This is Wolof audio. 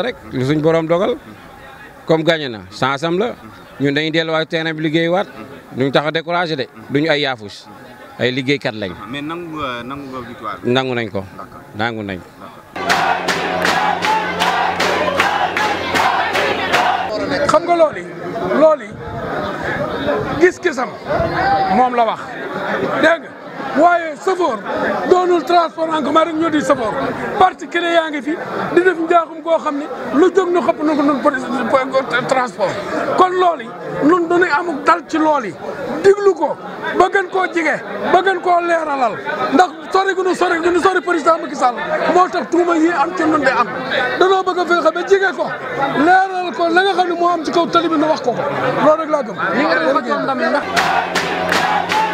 la rek lu suñ borom dogal comme gagné na chance am la ñun dañuy delluwaat terrain bi liggéeyuwaat duñ tax a découragé de duñu ay yaafus ay liggéeykat lañ. Ah, mais nangu nga nangu nga victoire ko nangu nañ ko. xam nga loolu gis-gisam moom la wax dégg waaye safoor doonul transport en commun rek ñoo di safoor particulier yaa ngi fi di def njaaxum koo xam ne lu jóg ñu xëpp na ko noonu transport kon loolu nun du ñu amuk dal ci loolu yi diglu ko ba gën koo jige ba gën koo leeralal ndax sori gu nu sori gu nu sori président Macky Sall moo tax tuuma yi am ci nun de am danoo bëgg a fexe ba jige ko leeral ko la nga xam ne moo am ci kaw tali bi nu wax ko ko loolu rek laa gëm.